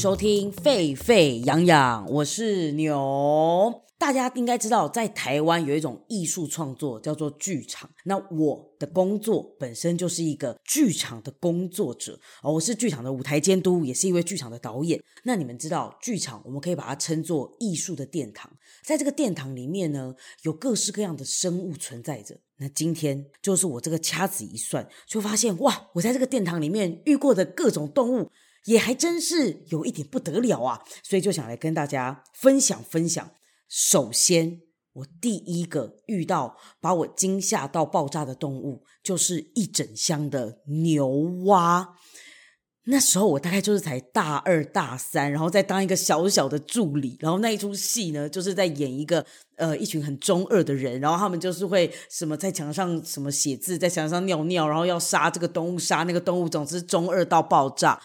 收聽吠吠揚養，我是牛。大家應該知道，在台灣有一種藝術創作叫做劇場。那我的工作本身就是一個劇場的工作者哦，我是劇場的舞台監督，也是一位劇場的導演。那你們知道，劇場我們可以把它稱作藝術的殿堂。在這個殿堂裡面呢，有各式各樣的生物存在着。那今天就是我這個掐指一算，就發現哇，我在這個殿堂裡面遇過的各種動物。也還真是有一點不得了啊，所以就想來跟大家分享分享。首先，我第一個遇到把我驚嚇到爆炸的動物，就是一整箱的牛蛙。那時候我大概就是才大二大三，然後再當一個小小的助理，然後那一出戲呢，就是在演一個呃一群很中二的人，然後他們就是會什麼在牆上什麼寫字，在牆上尿尿，然後要殺這個動物，殺那個動物，總之中二到爆炸。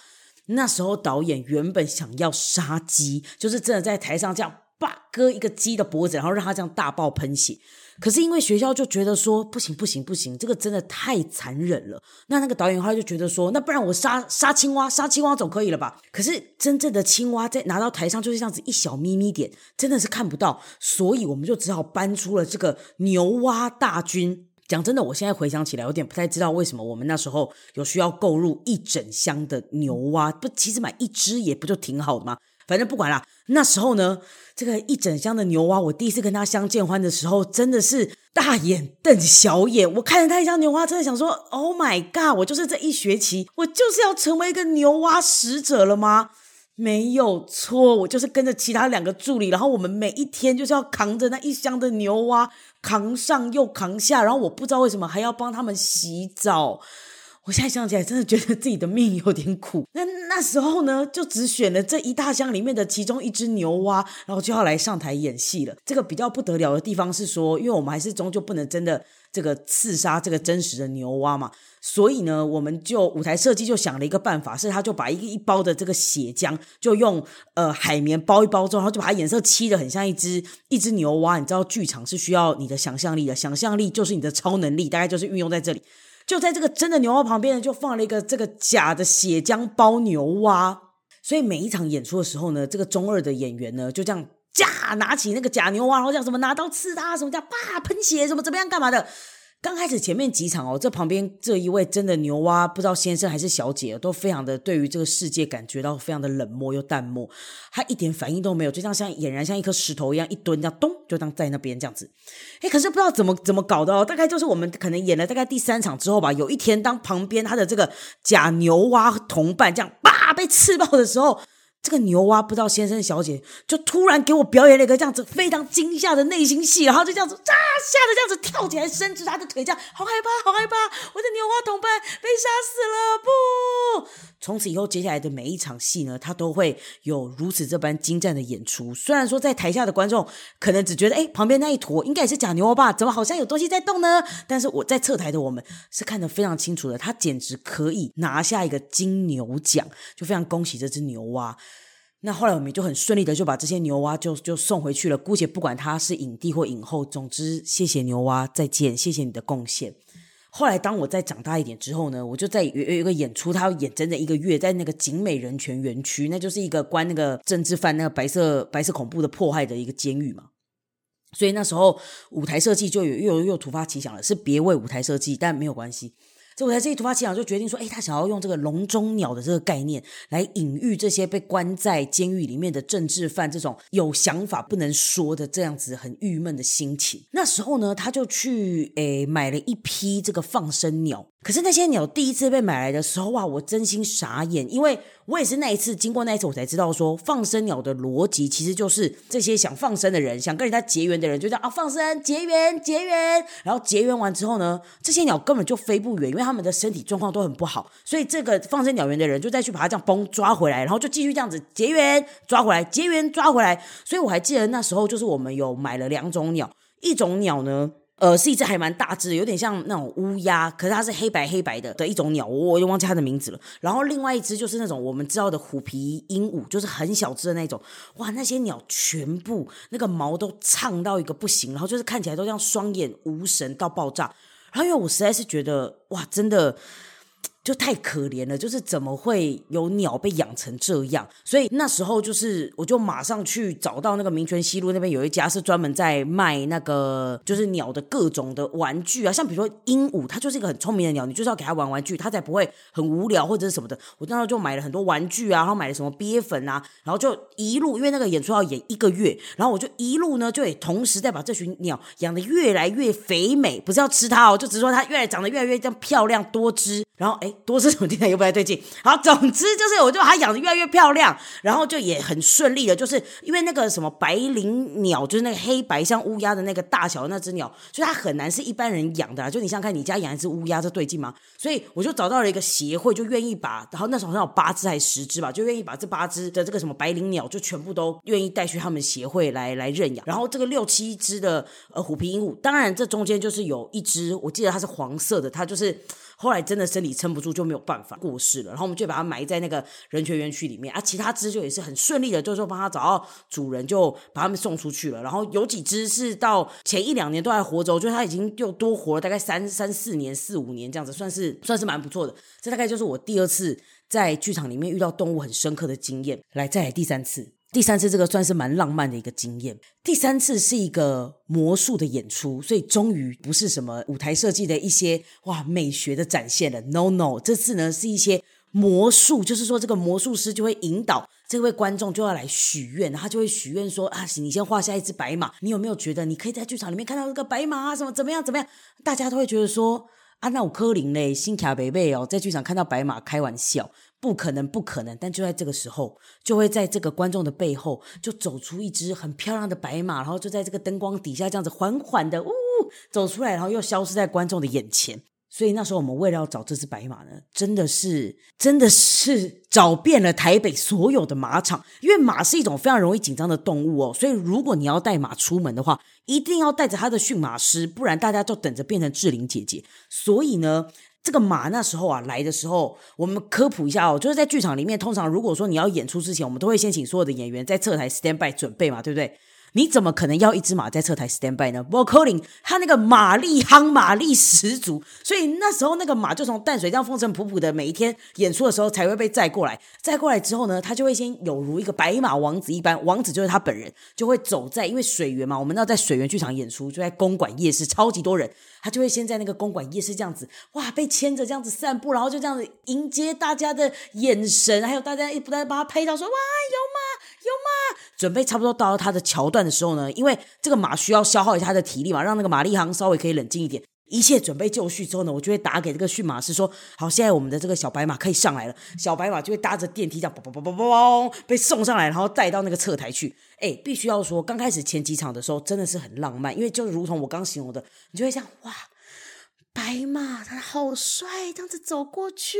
那時候導演原本想要殺雞，就是真的在台上這樣，啪，割一個雞的脖子，然後讓它這樣大爆噴血。可是因為學校就覺得說不行不行不行，這個真的太殘忍了。那那個導演後來就覺得說，那不然我殺殺青蛙，殺青蛙總可以了吧？可是真正的青蛙在拿到台上就是這樣子一小咪咪點，真的是看不到，所以我們就只好搬出了這個牛蛙大軍。講真的，我現在回想起來，有點不太知道為什麼我們那時候有需要購入一整箱的牛蛙。不，其實買一只也不就挺好的嗎？反正不管啦。那時候呢，這個一整箱的牛蛙，我第一次跟他相見歡的時候，真的是大眼瞪小眼。我看着他一箱牛蛙，真的想說：“Oh my god！” 我就是這一學期，我就是要成為一個牛蛙使者了嗎？沒有錯，我就是跟着其他兩個助理，然後我們每一天就是要扛着那一箱的牛蛙。扛上又扛下，然後我不知道為什麼還要幫他們洗澡。我現在想起來，真的覺得自己的命有點苦。那那時候呢，就只選了這一大箱裡面的其中一隻牛蛙，然後就要來上台演戲了。這個比較不得了的地方是說，因為我們還是終究不能真的這個刺殺這個真實的牛蛙嘛，所以呢，我們就舞台設計就想了一個辦法，是他就把一個一包的這個血漿，就用呃海綿包一包之後，然後就把它顏色漆的很像一隻一隻牛蛙。你知道，劇場是需要你的想象力的，想象力就是你的超能力，大概就是運用在這裡。就在這個真的牛蛙旁邊呢，就放了一個這個假的血漿包牛蛙，所以每一場演出的時候呢，這個中二的演員呢，就這樣架拿起那個假牛蛙，好像什麼拿刀刺他，什麼叫啪、啊、噴血，什麼怎麼樣幹嘛的。剛開始前面幾場哦，這旁邊這一位真的牛蛙，不知道先生還是小姐，都非常的對於這個世界感覺到非常的冷漠又淡漠，他一點反應都沒有，就像像儼然像一顆石頭一樣一蹲這樣咚就當在那邊這樣子。誒，可是不知道怎麼怎麼搞的哦，大概就是我們可能演了大概第三場之後吧，有一天當旁邊他的這個假牛蛙同伴這樣叭被刺爆的時候。這個牛蛙不知道先生小姐，就突然給我表演了一個這樣子非常驚嚇的內心戲，然後就這樣子，扎、啊，嚇得這樣子跳起來，伸直他的腿，這樣好害怕，好害怕，我的牛蛙同伴被殺死了，不。從此以後，接下來的每一場戲呢，他都會有如此這般精湛的演出。雖然說在台下的觀眾可能只覺得，誒，旁邊那一坨應該也是假牛蛙吧？怎麼好像有東西在動呢？但是我在側台的我們是看得非常清楚的，他簡直可以拿下一個金牛獎，就非常恭喜這隻牛蛙。那後來我們就很順利的就把這些牛蛙就就送回去了。姑且不管他是影帝或影後，總之謝謝牛蛙，再見，謝謝你的貢獻。後來，當我再長大一點之後呢，我就在有有一個演出，他要演整整一個月，在那個景美人權園區，那就是一個關那個政治犯，那個白色白色恐怖的迫害的一個監獄嘛。所以那時候舞台設計就有又又突發奇想了，是別為舞台設計，但沒有關係。所以我在這一突發奇想，就決定說，哎，他想要用這個籠中鳥的這個概念，來隱喻這些被關在監獄裡面的政治犯，這種有想法不能說的這樣子很鬱悶的心情。那時候呢，他就去，哎，買了一批這個放生鳥。可是那些鳥第一次被買來的時候哇、啊，我真心傻眼，因為我也是那一次經過那一次，我才知道說放生鳥的邏輯其實就是這些想放生的人，想跟人家結緣的人，就叫啊放生結緣結緣，然後結緣完之後呢，這些鳥根本就飛不遠，因為他們的身體狀況都很不好，所以這個放生鳥園的人就再去把它這樣崩抓回來，然後就繼續這樣子結緣抓回來結緣抓回來。所以我還記得那時候，就是我們有買了兩種鳥，一種鳥呢。呃，是一隻還蠻大隻，有點像那種烏鴉，可是它是黑白黑白的的一種鳥，我我又忘記它的名字了。然後另外一隻就是那種我們知道的虎皮鸚鵡，就是很小隻的那種。哇，那些鳥全部那個毛都唱到一個不行，然後就是看起來都像雙眼無神到爆炸。然後因為我實在是覺得，哇，真的。就太可憐了，就是怎麼會有鳥被養成這樣？所以那時候就是，我就馬上去找到那個民權西路那邊有一家是專門在賣那個就是鳥的各種的玩具啊，像比如說鸚鵡，它就是一個很聰明的鳥，你就是要給它玩玩具，它才不會很無聊或者是什麼的。我那時候就買了很多玩具啊，然後買了什麼鱉粉啊，然後就一路因為那個演出要演一個月，然後我就一路呢就也同時在把這群鳥養得越來越肥美，不是要吃它哦，就只是說它越來長得越來越這樣漂亮多汁，然後誒。多是什麼地方，又不太對勁？好，總之就是我就把它養得越來越漂亮，然後就也很順利了。就是因為那個什麼白靈鳥，就是那個黑白像烏鴉的那個大小的那隻鳥，所以它很難是一般人養的啦。就你想看你家養一隻烏鴉，這對勁嗎？所以我就找到了一個協會，就願意把，然後那時候好像有八隻還是十隻吧，就願意把這八隻的這個什麼白靈鳥，就全部都願意帶去他們協會來來認養。然後這個六七隻的虎皮鸚鵡，當然這中間就是有一隻，我記得它是黃色的，它就是。後來真的身體撐不住，就沒有辦法過世了。然後我們就把它埋在那個人權園區裡面啊。其他只就也是很順利的，就是說幫它找到主人，就把它們送出去了。然後有幾隻是到前一兩年都還活着，就它已經就多活了大概三三四年、四五年這樣子，算是算是蠻不錯的。這大概就是我第二次在劇場裡面遇到動物很深刻的經驗。來，再來第三次。第三次這個算是蠻浪漫的一個經驗。第三次是一個魔術的演出，所以終於不是什麼舞台設計的一些哇美學的展現了。No No，這次呢是一些魔術，就是說這個魔術師就會引導這位觀眾就要來許願，然後他就會許願說啊，你先畫下一隻白馬。你有沒有覺得你可以在劇場裡面看到這個白馬啊？什麼怎麼樣怎麼樣？大家都會覺得說。他那種柯林嘞，新卡貝貝哦，在劇場看到白馬開玩笑，不可能，不可能！但就在這個時候，就會在這個觀眾的背後，就走出一隻很漂亮的白馬，然後就在這個燈光底下這樣子緩緩的嗚嗚走出來，然後又消失在觀眾的眼前。所以那時候我們為了要找這只白馬呢，真的是真的是找遍了台北所有的馬場，因為馬是一種非常容易緊張的動物哦，所以如果你要帶馬出門的話，一定要帶着他的馴馬師，不然大家就等着變成志玲姐姐。所以呢，這個馬那時候啊來的時候，我們科普一下哦，就是在劇場裡面，通常如果說你要演出之前，我們都會先請所有的演員在側台 stand by 準備嘛，對不對？你怎麼可能要一隻馬在側台 standby 呢？b o c k l y n 他那個馬力夯，馬力十足，所以那時候那個馬就從淡水這樣風塵僕僕的，每一天演出的時候才會被載過來。載過來之後呢，他就會先有如一個白馬王子一般，王子就是他本人，就會走在因為水源嘛，我們要在水源劇場演出，就在公館夜市超級多人，他就會先在那個公館夜市這樣子，哇，被牽着這樣子散步，然後就這樣子迎接大家的眼神，還有大家一不斷把他拍到說，說哇有嗎有嗎？準備差不多到了他的橋段，的時候呢，因為這個馬需要消耗一下它的體力嘛，讓那個馬力行稍微可以冷靜一點。一切準備就緒之後呢，我就會打給這個馴馬師說：“好，現在我們的這個小白馬可以上來了。”小白馬就會搭着電梯這樣，講“嘣嘣嘣嘣嘣”，被送上來，然後帶到那個側台去。誒，必須要說，剛開始前幾場的時候真的是很浪漫，因為就如同我剛形容的，你就會想：“哇，白馬它好帥，這樣子走過去。”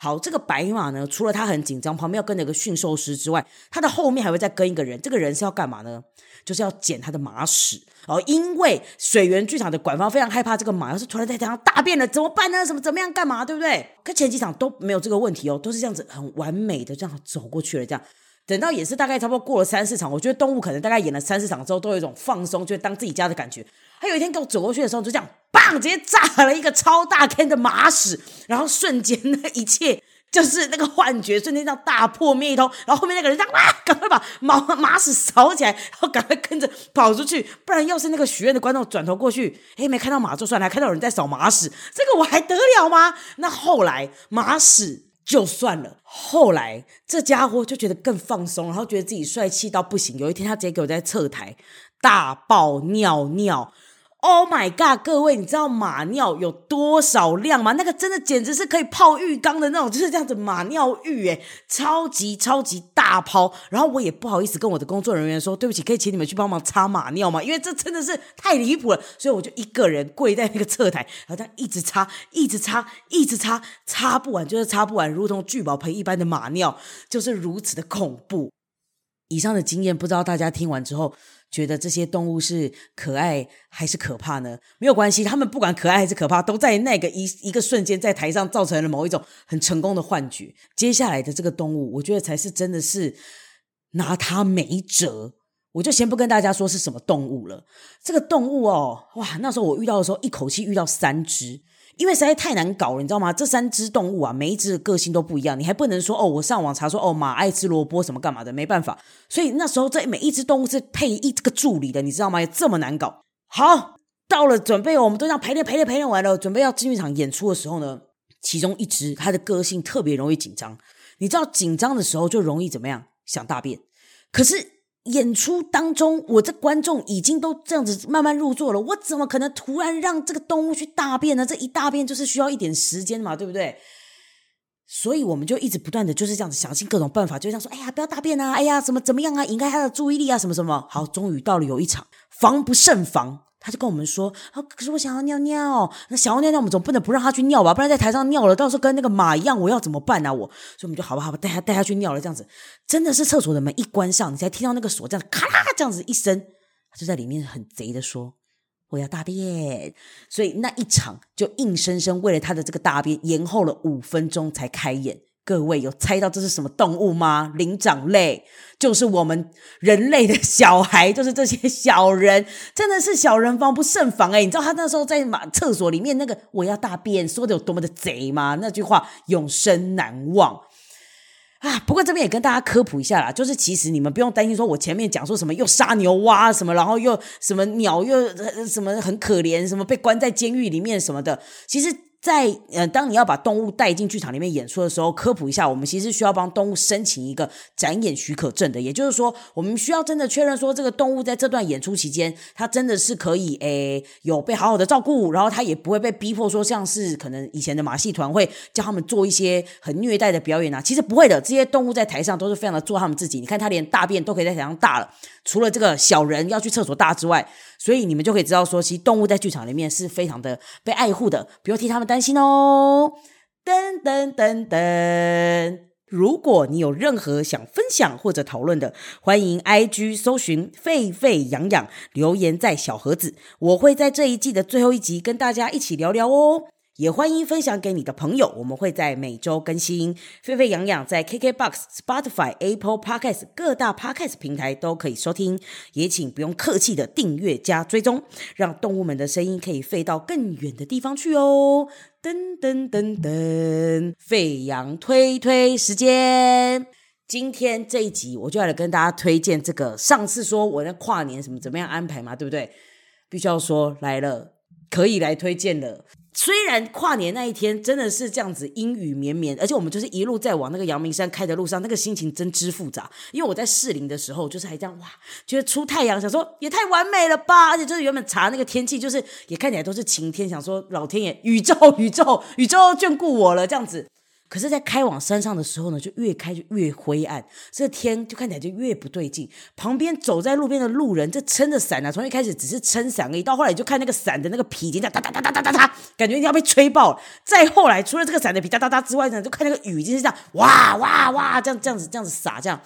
好，這個白馬呢，除了它很緊張，旁邊要跟着一個馴獸師之外，它的後面還會再跟一個人，這個人是要干嘛呢？就是要撿他的馬屎哦，因為水源劇場的館方非常害怕這個馬要是突然在台上大便了怎麼辦呢？什麼怎麼樣幹嘛？對不對？可前幾場都沒有這個問題哦，都是這樣子很完美的這樣走過去了。這樣等到也是大概差不多過了三四場，我覺得動物可能大概演了三四場之後，都有一種放鬆，就會當自己家的感覺。他有一天跟我走過去的時候，就這樣，棒直接炸了一個超大坑的馬屎，然後瞬間那一切。就是那個幻覺，瞬間到大破滅一通。然後後面那個人講哇、啊，趕快把馬馬屎掃起來，然後趕快跟着跑出去，不然要是那個許願的觀眾轉頭過去，誒，沒看到馬就算了，看到有人在掃馬屎，這個我還得了嗎？那後來馬屎就算了，後來這家伙就覺得更放鬆，然後覺得自己帥氣到不行。有一天他直接給我在側台大爆尿尿。Oh my god！各位，你知道馬尿有多少量嗎？那個真的簡直是可以泡浴缸的那種，就是這樣子馬尿浴，欸，超級超級大泡。然後我也不好意思跟我的工作人員說，對不起，可以請你們去幫忙擦馬尿嗎？因為這真的是太離譜了，所以我就一個人跪在那個側台，然後他一直擦，一直擦，一直擦，擦不完就是擦不完，如同聚寶盆一般的馬尿，就是如此的恐怖。以上的經驗，不知道大家聽完之後。覺得這些動物是可愛還是可怕呢？沒有關係，他們不管可愛還是可怕，都在那個一一個瞬間在台上造成了某一種很成功的幻覺。接下來的這個動物，我覺得才是真的是拿它沒轍。我就先不跟大家說是什麼動物了。這個動物哦，哇，那時候我遇到的時候，一口氣遇到三隻。因為實在太難搞了，你知道嗎？這三隻動物啊，每一隻的個性都不一樣，你還不能說哦，我上網查說哦，馬愛吃蘿蔔什麼幹嘛的，沒辦法。所以那時候在每一隻動物是配一個助理的，你知道嗎？這麼難搞。好，到了準備，我們都這樣排練、排練、排練完了，準備要進劇場演出的時候呢，其中一隻它的個性特別容易緊張，你知道緊張的時候就容易怎麼樣？想大便，可是。演出當中，我的觀眾已經都這樣子慢慢入座了，我怎麼可能突然讓這個動物去大便呢？這一大便就是需要一點時間嘛，對不對？所以我們就一直不斷的就是這樣子想盡各種辦法，就這樣說：“哎呀，不要大便啊！哎呀，怎麼怎麼樣啊？引開他的注意力啊，什麼什麼。”好，終於到了有一場防不勝防。他就跟我們說：“啊，可是我想要尿尿，那想要尿尿，我們總不能不讓他去尿吧？不然在台上尿了，到時候跟那個馬一樣，我要怎麼辦啊？我，所以我們就好吧，好吧，帶他帶他去尿了。這樣子，真的是廁所的門一關上，你才聽到那個鎖這樣咔啦啦這樣子一聲，他就在裡面很賊的說我要大便。所以那一場就硬生生為了他的這個大便延後了五分鐘才開演。”各位有猜到這是什麼動物嗎？靈長類，就是我們人類的小孩，就是這些小人，真的是小人防不勝防哎！你知道他那時候在廁所裡面那個我要大便說的有多麼的賊嗎？那句話永生難忘啊！不過這邊也跟大家科普一下啦，就是其實你們不用擔心，說我前面講說什麼又殺牛蛙什麼，然後又什麼鳥又什麼很可憐，什麼被關在監獄裡面什麼的，其實。在呃，當你要把動物帶進劇場裡面演出的時候，科普一下，我們其實需要幫動物申請一個展演許可證的。也就是說，我們需要真的確認說，這個動物在這段演出期間，它真的是可以誒、欸，有被好好的照顧，然後它也不會被逼迫說，像是可能以前的馬戲團會叫他們做一些很虐待的表演啊。其實不會的，這些動物在台上都是非常的做他們自己。你看，它連大便都可以在台上大了，除了這個小人要去廁所大之外，所以你們就可以知道說，其實動物在劇場裡面是非常的被愛護的。比如替他們。擔心哦，噔噔噔噔！如果你有任何想分享或者討論的，歡迎 IG 搜尋吠吠揚養，留言在小盒子，我會在這一季的最後一集跟大家一起聊聊哦。也歡迎分享給你的朋友，我們會在每周更新。吠吠揚養，在 KKBox、Spotify、Apple Podcast 各大 Podcast 平台都可以收聽。也請不用客氣的訂閱加追蹤，讓動物們的聲音可以飛到更遠的地方去哦。噔噔噔噔，吠揚推推時間，今天這一集我就要來跟大家推薦這個。上次說我在跨年什麼怎麼樣安排嘛，對不對？必須要說來了，可以來推薦了。雖然跨年那一天真的是這樣子陰雨綿綿，而且我們就是一路在往那個陽明山開的路上，那個心情真的複雜。因為我在士林的時候，就是還這樣哇，覺得出太陽，想說也太完美了吧。而且就是原本查那個天氣，就是也看起來都是晴天，想說老天爺宇宙宇宙宇宙眷顧我了，這樣子。可是，在開往山上的時候呢，就越開就越灰暗，這天就看起來就越不對勁。旁邊走在路邊的路人，這撐着傘啊，從一開始只是撐傘而已，到後來就看那個傘的那個皮已經這樣噠噠噠噠噠噠噠，感覺一定要被吹爆了。再後來，除了這個傘的皮噠噠噠之外呢，就看那個雨就是這樣哇哇哇這樣，這樣子這樣子撒。這樣。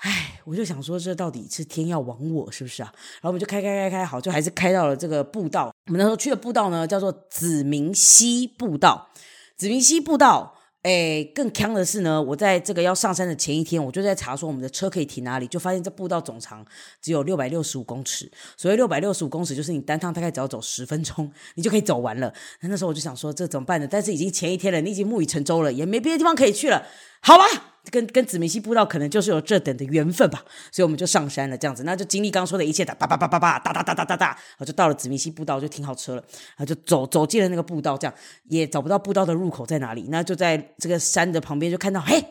唉，我就想說，這到底是天要亡我是不是啊？然後我們就開開開開，好，就還是開到了這個步道。我們那時候去的步道呢，叫做紫明溪步道，紫明溪步道。哎，更坑的是呢，我在這個要上山的前一天，我就在查說我們的車可以停哪裡，就發現這步道總長只有六百六十五公尺。所以六百六十五公尺，就是你單趟大概只要走十分鐘，你就可以走完了。那那時候我就想說，這怎麼辦呢？但是已經前一天了，你已經木已成舟了，也沒別的地方可以去了。好吧。跟跟紫明溪步道可能就是有這等的緣分吧，所以我們就上山了，這樣子，那就經歷剛說的一切的叭叭叭叭叭，噠噠噠噠噠，然後就到了紫明溪步道，就停好車了，然後就走走進了那個步道，這樣也找不到步道的入口在哪裡，那就在這個山的旁邊就看到，嘿，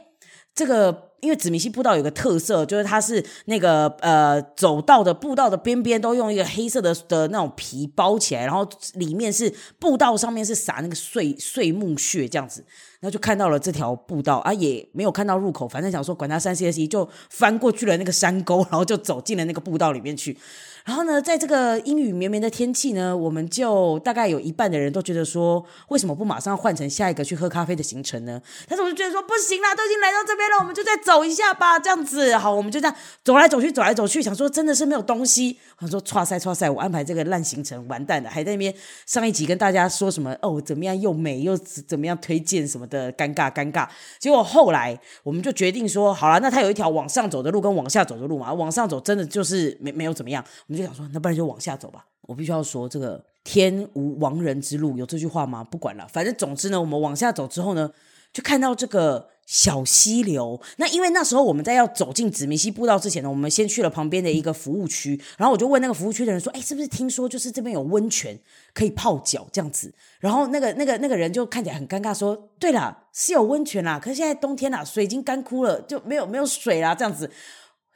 這個。因為紫明溪步道有個特色，就是它是那個呃，走道的步道的邊邊都用一個黑色的的那種皮包起來，然後裡面是步道上面是撒那個碎碎木屑這樣子，然後就看到了這條步道啊，也沒有看到入口，反正想說管他三七二十一，就翻過去了那個山溝，然後就走進了那個步道裡面去。然後呢，在這個陰雨綿綿的天氣呢，我們就大概有一半的人都覺得說，為什麼不馬上換成下一個去喝咖啡的行程呢？但是我就覺得說不行啦，都已經來到這邊了，我們就在。走一下吧，這樣子好，我們就這樣走來走去，走來走去，想說真的是沒有東西。想說挫塞挫塞，我安排這個爛行程，完蛋了，還在那邊上一集跟大家說什麼哦，怎麼樣又美又怎麼樣推薦什麼的，尷尬尷尬。結果後來我們就決定說，好了，那它有一條往上走的路跟往下走的路嘛，往上走真的就是沒沒有怎麼樣，我們就想說，那不然就往下走吧。我必須要說，這個天無亡人之路有這句話嗎？不管了，反正總之呢，我們往下走之後呢，就看到這個。小溪流，那因為那時候我們在要走進紫明溪步道之前呢，我們先去了旁邊的一個服務區，然後我就問那個服務區的人說：“哎，是不是聽說就是這邊有溫泉可以泡腳這樣子？”然後那個那個那個人就看起來很尷尬說：“對啦，是有溫泉啦，可是現在冬天啦，水已經乾枯了，就沒有沒有水啦這樣子。”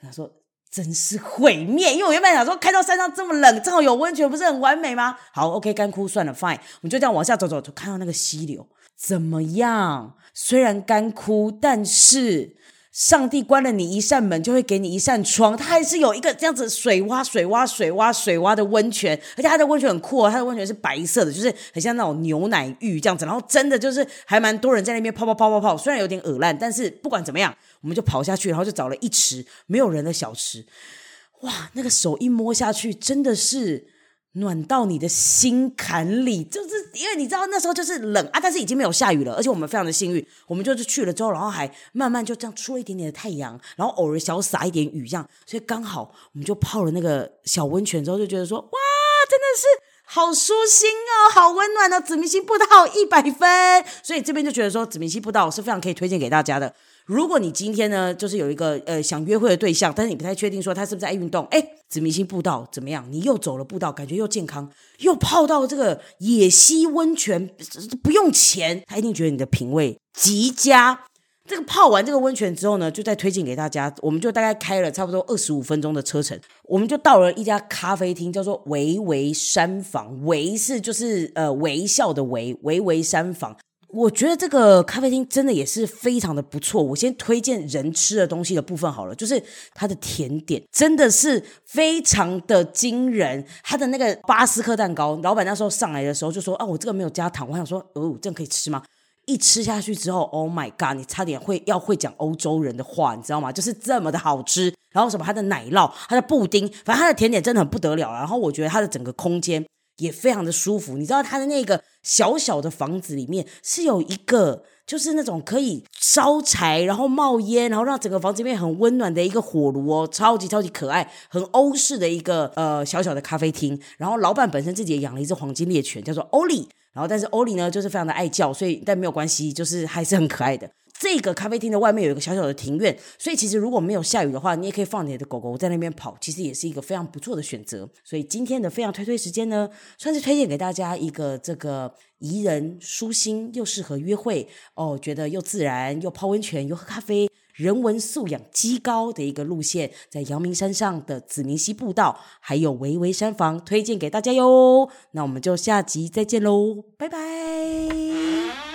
他說：“真是毀滅，因為我原本想說開到山上這麼冷，正好有溫泉不是很完美嗎？好，OK，乾枯算了，Fine，我們就這樣往下走走，就看到那個溪流。”怎麼樣？雖然乾枯，但是上帝關了你一扇門，就會給你一扇窗。它還是有一個這樣子水窪、水窪、水窪、水窪的溫泉，而且它的溫泉很酷哦，它的溫泉是白色的，就是很像那種牛奶浴這樣子。然後真的就是還蠻多人在那邊泡泡、泡泡、泡泡。雖然有點噁爛，但是不管怎麼樣，我們就跑下去，然後就找了一池沒有人的小池。哇，那個手一摸下去，真的是。暖到你的心坎裡，就是因為你知道那時候就是冷啊，但是已經沒有下雨了，而且我們非常的幸運，我們就是去了之後，然後還慢慢就這樣出了一點點的太陽，然後偶爾小灑一點雨，這樣，所以剛好我們就泡了那個小溫泉之後，就覺得說哇，真的是好舒心哦，好溫暖哦！紫明溪步道一百分，所以這邊就覺得說紫明溪步道是非常可以推薦給大家的。如果你今天呢，就是有一個呃想約會的對象，但是你不太確定說他是不是愛運動，誒，紫明溪步道怎麼樣？你又走了步道，感覺又健康，又泡到了這個野溪溫泉，不用錢，他一定覺得你的品味極佳。這個泡完這個溫泉之後呢，就再推薦給大家。我們就大概開了差不多二十五分鐘的車程，我們就到了一家咖啡廳，叫做微微山房。微是就是呃微笑的微，微微山房。我覺得這個咖啡廳真的也是非常的不錯。我先推薦人吃的東西的部分好了，就是它的甜點真的是非常的驚人。它的那個巴斯克蛋糕，老闆那時候上來的時候就說：“啊，我這個沒有加糖。”我想說：“哦，這可以吃嗎？”一吃下去之後，Oh my god！你差點會要會講歐洲人的話，你知道嗎？就是這麼的好吃。然後什麼，它的奶酪，它的布丁，反正它的甜點真的很不得了。然後我覺得它的整個空間，也非常的舒服，你知道他的那個小小的房子裡面是有一個，就是那種可以燒柴，然後冒煙，然後讓整個房子裡面很溫暖的一個火爐哦，超級超級可愛，很歐式的一個呃小小的咖啡廳。然後老板本身自己也養了一隻黃金獵犬，叫做歐里。然後但是歐里呢就是非常的愛叫，所以但沒有關係，就是還是很可愛的。這個咖啡廳的外面有一個小小的庭院，所以其實如果沒有下雨的話，你也可以放你的狗狗在那邊跑，其實也是一個非常不錯的選擇。所以今天的非常推推時間呢，算是推薦給大家一個這個宜人、舒心又適合約會哦，覺得又自然又泡溫泉又喝咖啡，人文素養極高的一個路線，在陽明山上的紫明溪步道還有維維山房，推薦給大家喲。那我們就下集再見嘍，拜拜。